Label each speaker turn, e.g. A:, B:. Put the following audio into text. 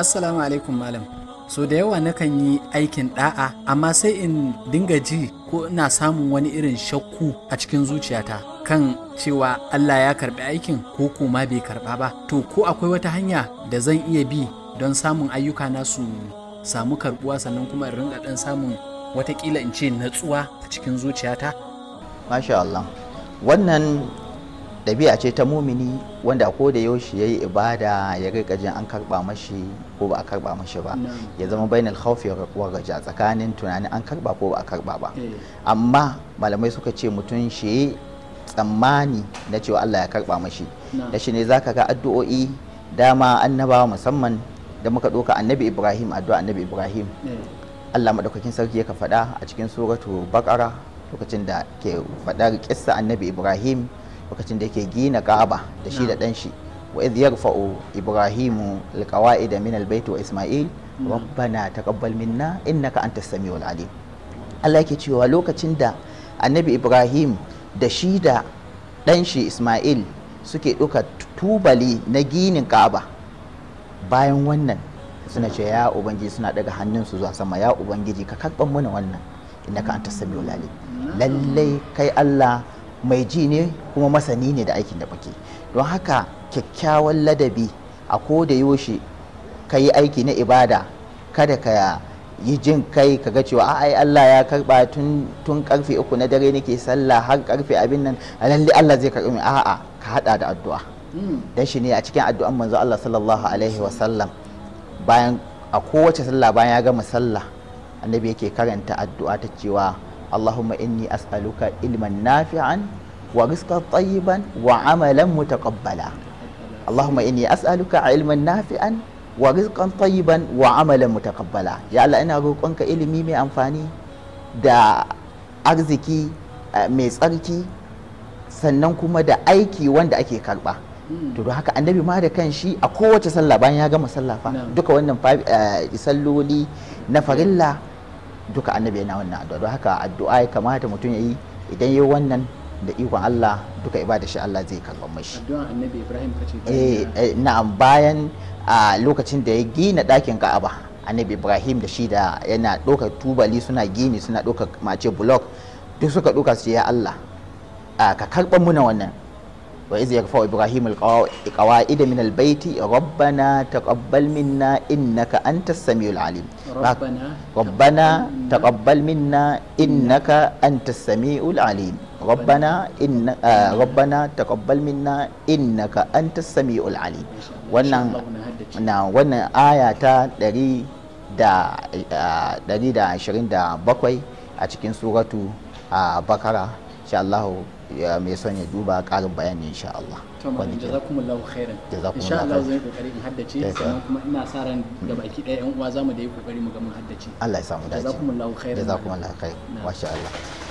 A: assalamu alaikum malam so da yawa nakan yi aikin da'a amma sai in dinga ji ko ina samun wani irin shakku a cikin zuciyata kan cewa Allah ya karbi aikin ko kuma bai karba ba to ko akwai wata hanya da zan iya bi don samun ayyuka na su samu karbuwa sannan kuma in ringa dan samun watakila in ce natsuwa a cikin zuciyata masha Allah wannan ɗabi'a ce ta mumini wanda ko da yaushe ya yi ibada ya rika jin an karɓa mashi ko ba a karba mashi ba ya zama bainal khawfi wa raja tsakanin tunanin an karɓa ko ba a karɓa ba eh. amma malamai suka ce mutum shi tsammani na cewa Allah ya karɓa mashi da shi ne zaka ga addu'o'i dama annabawa musamman da muka ɗauka annabi Ibrahim addu'a annabi Ibrahim eh. Allah madaukakin sarki ka faɗa a cikin suratu bakara lokacin da ke faɗar kissa annabi Ibrahim lokacin da yake gina ka'aba da shi da dan shi wa idh yarfa'u ibrahimu alqawaida min albayt wa isma'il hmm. rabbana taqabbal minna innaka antas samiul alim Allah yake cewa lokacin da annabi ibrahim da shi da dan shi isma'il suke ɗauka tubali na ginin ka'aba bayan wannan suna ce ya ubangiji suna daga hannunsu zuwa sama ya ubangiji ka karɓar mana wannan inda ka anta sami hmm. lallai kai allah mai ji ne kuma masani ne da aikin da muke don haka kyakkyawan ladabi a ko da yaushe ka yi aiki na ibada kada ka yi jin kai ka ga cewa ai Allah ya karba tun karfe uku na dare nake sallah har karfe abin nan lalle Allah zai karbi mai a'a ka hada da addu'a hmm. dan shi ne a cikin addu'an manzo Allah sallallahu alaihi wa sallam bayan a kowace sallah bayan ya gama sallah annabi yake karanta addu'a ta cewa Allahumma inni as'aluka ilman nafi'an wa rizqan tayyiban wa amalan mutaqabbala Allahumma inni as'aluka ilman nafi'an wa rizqan tayyiban wa amalan mutaqabbala ya Allah ina roƙonka ilimi mai amfani da arziki eh, mai tsarki sannan kuma da aiki wanda ake karba hmm. to don haka annabi ma da kanshi, a kowace sallah bayan ya gama sallafa duka wannan eh, salloli na farilla duka annabi yana wannan addu'a don haka addu'a ya kamata mutum ya yi idan ya yi wannan da ikon Allah duka ibada shi Allah zai karɓa mashi addu'a annabi Ibrahim kace eh, eh na'am bayan a lokacin da ya gina dakin Ka'aba annabi Ibrahim da shi da yana doka tubali suna gini suna doka mace block duk suka doka su ya Allah ka karɓar muna wannan wa iz yarfa ibrahim alqawaid min albayti rabbana taqabbal minna innaka antas samiul alim ربنا تقبل منا إنك أنت السميع العليم ربنا إن ربنا تقبل منا إنك أنت السميع العليم wannan na wannan aya ta 127 a cikin suratu a bakara insha Allah mai son ya duba karin bayani insha Allah to malam lau khairan insha Allah zai kokari in haddace sannan kuma ina sa ran da mm. baki ɗaya yan uwa zamu da yi kokari mu ga mun haddace Allah ya samu dace lau khairan lau khairan masha Allah